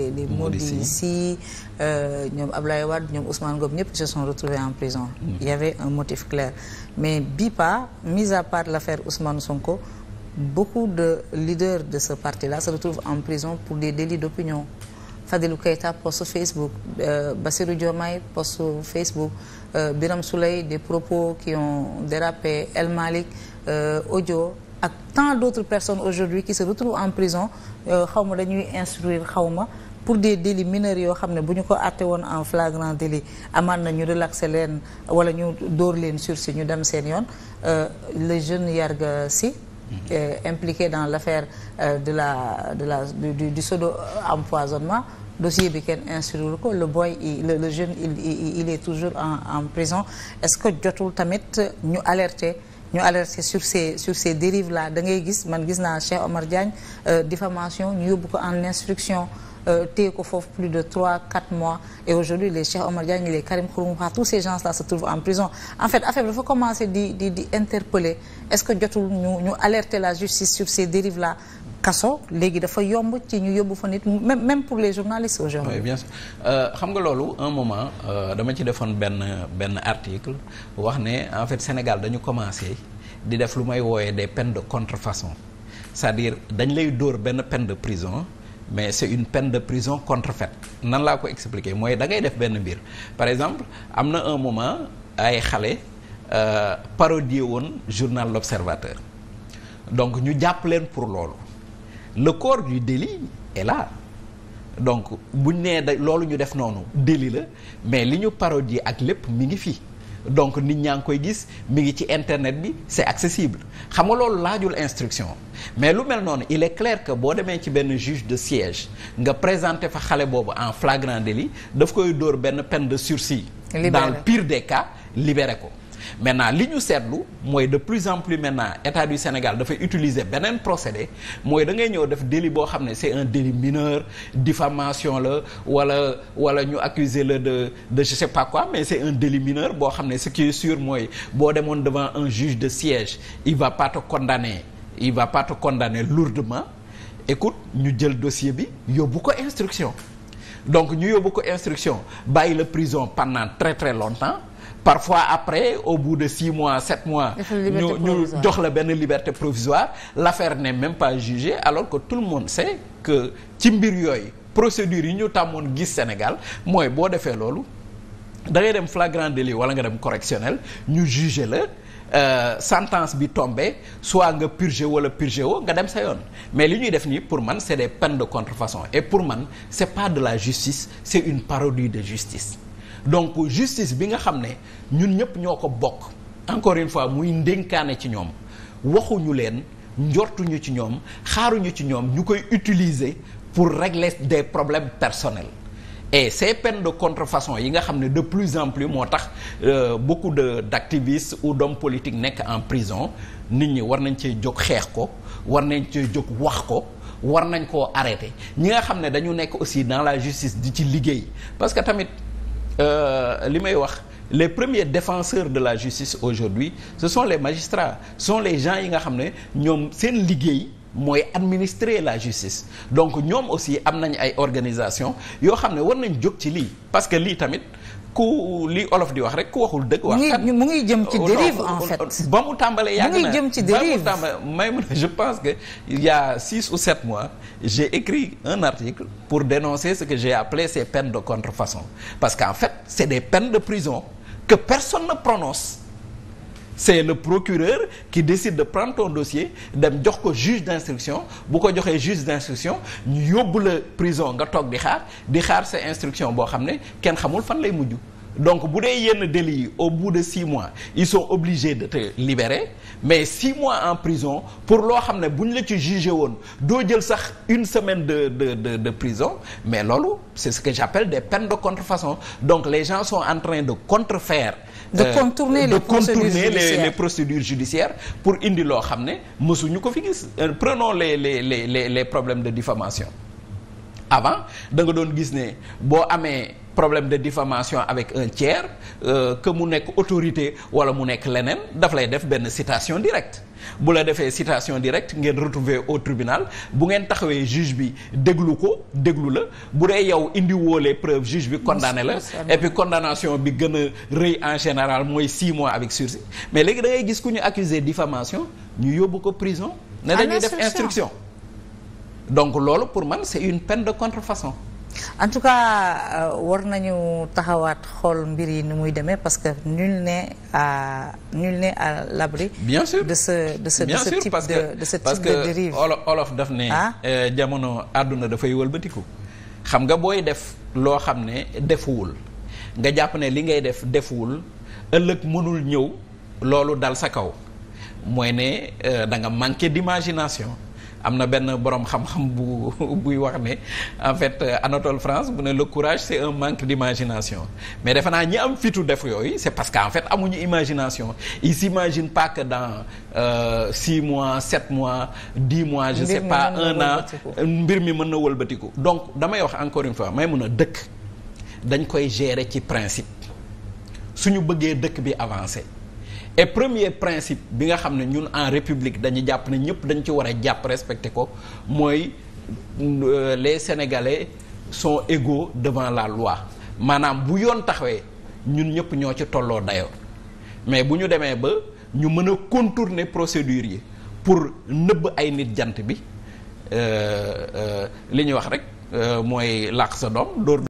les les Modici euh, ñoom Ablaye Wade ñoom Ousmane Ngom ñëpp se sont retrouvés en prison mm. il y avait un motif clair mais BIPA mis à part l'affaire Ousmane Sonko beaucoup de leaders de ce parti-là se retrouvent en prison pour des délits d'opinion Fadilou Keïta poste Facebook euh, Bassirou Diomaye Facebook euh, Biram Souley des propos qui ont dérapé El Malik euh, Odio ak tant d'autres personnes aujourd'hui qui se retrouvent en prison euh, xawma dañuy instruire xawma pour des délits mineurs yoo xam ne bu ñu ko àtte woon en flagrant délit amaan na ñu relaxé leen wala ñu dóor leen sursis ñu dem seen yoon euh, le jeune Yarga Sy mhm. euh, impliqué dans l'affaire euh, de la de la du du pseudo empoisonnement dossier bi kenn instruire ko le boy le, le jeune il, il il toujours en en prison est-ce que jotul tamit ñu alerter ñu alerter sur ces sur ces dérives là da ngay gis man gis naa Cheikh Omar Diagne diffamation ñu yóbbu ko en instruction Euh, téye ko foofu plus de trois quatre mois et aujourd'hui les Cheikh Omar Diagne les Karim Xrum Xax tous ces gens là se en prison en fait affaire dafa commencé di di di interpeller est-ce que jotul ñu ñu alerter la justice sur ces dérives là kaso léegi dafa yomb ci ñu yóbbu fa nit même même pour les journalistes aujourd'hui oui euh, xam nga loolu un moment euh, dama ci defoon benn benn article wax ne en fait Sénégal dañu commencé di def lu may wooyee des peines de contre façon à dire dañ lay dóor benn peine de prison mais c'est une peine de prison contrefaite nan laa ko expliquer mooy dangay def benn mbir par exemple am na un moment ay xale euh, parodier woon journal L'Observateur donc ñu jàpp leen pour loolu le corps du délit et là donc buñ nee da loolu ñu def noonu délit la mais li ñu parodier ak lépp mu ngi fii donc nit ñaa ngi koy gis mu ngi ci internet bi c'est accessible xam nga loolu laajul instruction mais lu mel noonu il est clair que boo demee ci benn juge de siège nga présenté fa xale boobu en flagrant délit daf koy dóor benn peine de sursis dans le pire des cas libéré ko maintenant li ñu seetlu mooy de plus en plus maintenant état du Sénégal dafa utiliser beneen procédé mooy da ngay ñëw def délit boo xam ne c'est un délit mineur diffamation la wala wala ñu accuser la de de je sais pas quoi mais c'est un délit mineur boo xam ne ce qui est mooy boo demoon devant un juge de siège il va pas te condamner il va pas te condamner lourdement écoute ñu jël dossier bi yóbbu ko instruction donc ñu yóbbu ko instruction bàyyi la prison pendant très très longtemps parfois après au bout de six mois sept mois ñu ñu jox la benn liberté provisoire l'affaire ne même pas jugée alors que tout le monde sait que ci mbir yooyu procédure yi ñu tàmmoon gis Sénégal mooy boo defee loolu da dem flagrant délit wala nga dem correctionnel ñu juger la Euh, sentence bi tombé soit nga purgé wala purgé woo nga dem sa yoon mais li ñuy def nii pour man c'est des peines de contrefaçon et pour man c'est pas de la justice c'est une parodie de justice donc justice bi nga xam ne ñun ñëpp ñoo ko bokk encore une fois muy ndénkaane ci ñoom waxuñu leen njortuñu ci ñoom xaaruñu ci ñoom ñu koy utiliser pour régler des problèmes personnels et ces peines de contrefaçon yi nga xam ne de plus en plus moo tax euh, beaucoup de d'activistes ou d'hommes politique nekk en prison nit ñi war nañ cee jóg xeex ko war nañ cee jóg wax ko war nañ ko arrêter ñi nga xam ne dañu nekk aussi dans la justice di ci liggéey parce tamit Euh, li may wax les premiers défenseurs de la justice aujourd'hui ce sont les magistrats ce les gens yi nga xam ne ñoom seen liggéey mooy administrer la justice donc ñoom aussi am nañ ay organisation yoo xam ne war nañ jóg ci lii parce lii tamit ku li olof di wax rek ku waxul dëgg. wax kat mu ngi jëm ci oh, dérive oh, en fait. Oh, ba mu tàmbalee yàgg na mu ci dérive ba mu tàmbalee may mun je pense que il y a six ou sept mois j'ai écrit un article pour dénoncer ce que j'ai appelé ces peines de contrefaçon parce qu'en fait c'est des peines de prison que personne ne prononce. c'est le procureur ki décide de prendre dossier dem jox ko juge d'instruction bu ko joxee juge d'instruction ñu yóbbu la prison nga toog di xaar di xaar sa instruction boo xam ne kenn xamul fan lay mujj donc bu dee yenn délits yi au bout de six mois ils sont obligés de te libérer mais six mois en prison pour loo xam ne bu ñu la ci jugé woon doo jël sax une semaine de de de de prison mais loolu c'est ce que j'appelle des peines de contrefaçon donc les gens sont en train de contrefaire de contourner, euh, les, de contourner les, les procédures judiciaires pour indi loo xam ne ñu ko fi gis euh, prenons les les les les les problèmes de diffamation avant da nga doon gis ne boo amee problème de diffamation avec un tiers euh, que mu nekk autorité wala mu nekk leneen daf lay def benn citation directe bu la defee citation directe ngeen retrouver au tribunal bu ngeen taxawee juge bi déglu ko déglu la bu dee yow indi woo les preuves juge bi condamné la et puis condamnation bi gën a rëy en général mooy six mois avec sursis mais léegi da ngay gis ku ñu accusé diffamation ñu yóbbu ko prison ne dañuy def instruction donc loolu pour man c'est une peine de contrefaçon en tout cas euh, war nañu taxawaat xool mbir yi ni muy demee parce que nul n'est à nul à l'abri bien sûr de ce de ce de de de ce type de dérive parce que olof daf ne ah? euh, jamono àdduna dafay wëlbatiku xam nga booy def loo xam ne defuwul nga jàpp ne li ngay def defuwul ëllëg mënul ñëw loolu dal sa kaw mooy ne euh, da nga manqué d'imagination am na benn borom xam-xam bu buy wax ne en fait Anatole France bu ne le courage c'est un manque d'imagination mais defe naa ñi am fitu def yooyu c'est parce que en fait amuñu imagination ils s'imaginent pas que dans euh, six mois sept mois dix mois je sais pas un an mbir mi mën na wëlbatiku donc damay wax encore une fois may mun a dëkk dañ koy gérer ci principe suñu bëggee dëkk bi avancé et premier principe bi nga xam ne ñun en république dañu jàpp ne ñëpp dañu ci war a jàpp respecté ko mooy euh, les sénégalais sont égaux devant la loi maanaam bu yoon taxawee ñun ñëpp ñoo ci tolloo dayoo mais bu ñu demee ba ñu mën a contourner procédure yi pour nëbb ay nit jant bi euh, euh, li ñuy wax rek mooy làq sa doom